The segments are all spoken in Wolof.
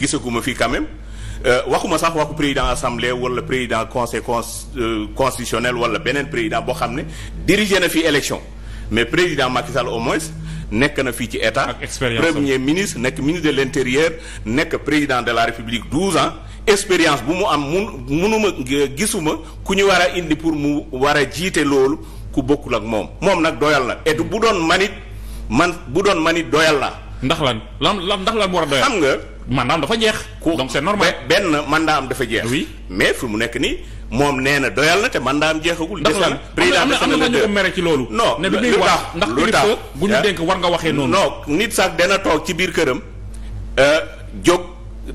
gisaguma fii quand même euh, waxuma sax waxu président assemblée wala président conseil euh, constitutionnel wala beneen président boo xam ne diriger na fii élection mais président Macky Sall au moins nekk na fii ci état premier ministre nekk ministre de l'intérieur nekk président de la république 12 ans expérience bu mu am mun munuma gisuma ku ñu war a indi pour mu war a jiite loolu ku bokkul ak moom moom nag doyal na et bu doon manit man bu doon manit doyal na ndax lan lan ndax lan mu war a doyal. xam nga mandaam dafa jeex. donc c'est normal benn am dafa jeex. oui mais fi mu nekk nii moom nee na doyal na te mandaam jeexagul. ndax lan président am na am na ñu ko mere ci loolu. non ne bi muy wax ndax kilifa bu ñu ah. dénk war nga waxee noonu. non nit sax dana toog ci biir këram. Euh, jóg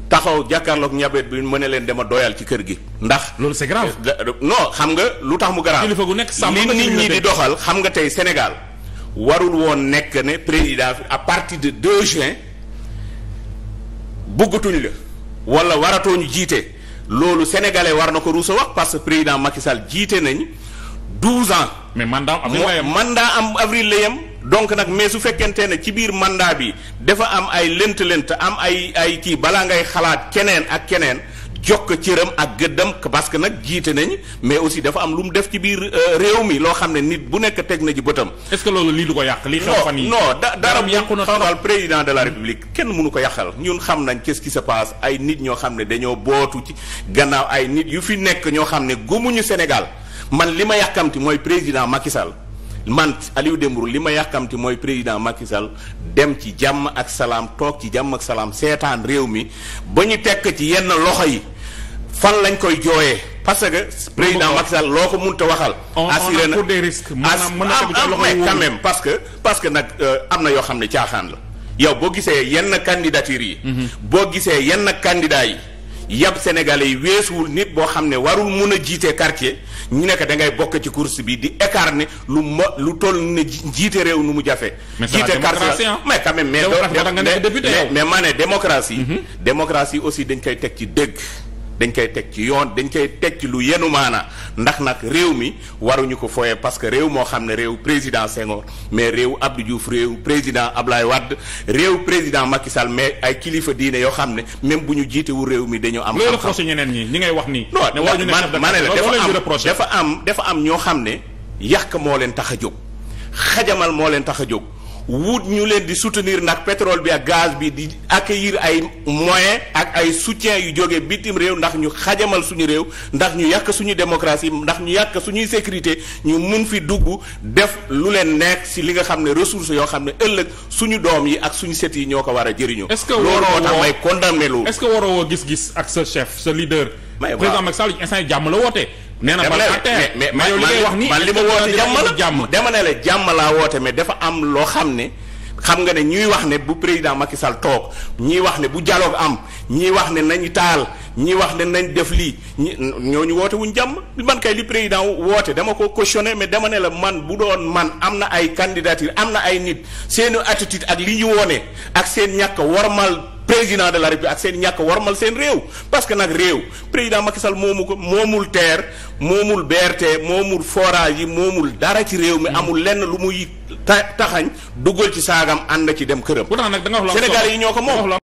taxaw jàkkaarloog ñabeet bi mu ne leen dama doyaal ci kër gi. ndax loolu c'est grave. Euh, non xam nga lu tax mu grave. kilifa gu nekk sàmm li nit ñi di doxal xam nga tey Sénégal warul woon nekk ne président à partir de 2 juin bëggatuñ la wala waratooñu jiite loolu sénégalais war na ko ruusa wax parce que président Macky Sall jiite nañ 12 ans. mais mandat am am avril la yem donc nag mais su fekkente ne ci biir mandat bi dafa am ay lënt-lënt am ay ay kii balaa ngay xalaat keneen ak keneen. jokk cëram ak gëddam parce que nag jiite nañ mais aussi dafa am lu mu def ci biir euh, réew mi loo xam ne nit bu nekk teg na ji bëtam. est-ce que loolu lii du ko yàq lii. xew fan yii non dara bu yàqu na xawal président de la république kenn mënu ko yàqal ñun xam nañ qu'est-ce qui se passe ay nit ñoo xam ne dañoo bootu ci gannaaw ay nit yu fi nekk ñoo xam ne gumuñu Sénégal man li ma yàkkamti mooy président Macky Sall man Aliou Dembourou li ma yàkkamti mooy président Macky Sall dem ci jàmm ak salaam toog ci jàmm ak salaam seetaan réew mi ba ñu tekk ci yenn loxo yi. fan lañ koy jooyee parce que président Macky loo ko mënut a waxal. assuré na on a des risques. maanaam mën na quand même parce que parce que nag euh, am na yoo xam ne caaxaan la. yow boo gisee yenn candidature yi. Mhm. boo gisee yenn candidat yi. yab Sénégalais yi weesuwul nit boo xam ne warul mun a jiite quartier ñu ne ko da ngay bokk ci course bi di écarner lu mo lu toll ne jiite réew nu mu jafe. jiite quartier mais quand même mais mais démocratie. Mhm. démocratie aussi dañ koy teg ci dëgg. dañ koy teg ci yoon dañ koy teg ci lu yenu ndax nag réew mi waruñu ko fooye parce que réew moo xam ne réew président Senghor mais réew Abdou Diouf réew président Ablaye Wade réew président Macky Sall mais ay kilifa diine yoo xam ne même bu ñu jiitewul réew mi dañoo am. loolu reproché ñeneen ñi ñi ngay wax nii. ne waruñu ne ma ne la dafa am dafa am ñoo xam ne yàq moo leen tax a jóg xajamal moo leen tax a jóg. wut ñu leen di soutenir ndax pétrole bi ak gaz bi di accueillir ay moyens ak ay soutien yu jóge bitim réew ndax ñu xajamal suñu réew ndax ñu yàq suñu démocratie ndax ñu yàq suñuy sécurité ñu mun fi dugg def lu leen nekk si li nga xam ne ressources yoo xam ne ëllëg suñu doom yi ak suñu set yi ñoo ko war a jëriñoo. est-ce que looloo tax may condamné loolu. est-ce que waroo gis-gis ak sa chef sa leader. président Macky Sall instant jàmm la wootee nee na ma mais mais man li ma woote jàmm dama ne la jàmm laa woote mais dafa am loo xam ne xam nga ne ñuy wax ne bu président Macky Sall toog ñuy wax ne bu dialogue am ñuy wax ne nañu taal ñuy wax ne nañ def lii ñi ñooñu woote wuñ jàmm man kay li président woote dama ko cautionné mais dama ne la man bu doon man am na ay candidature am na ay nit seeni attitude ak li ñu wone ak seen ñàkk mal président de la république ak seen ñàkk warmal seen réew parce que nag réew président Macky Sall moomu ko moomul terre moomul BRT moomul forage yi moomul dara ci réew mi hmm. amul lenn lu muy taxañ duggal ci saagam ànd ci dem këram. pourtant nag da nga wax Sénégal yi ñoo ko moom.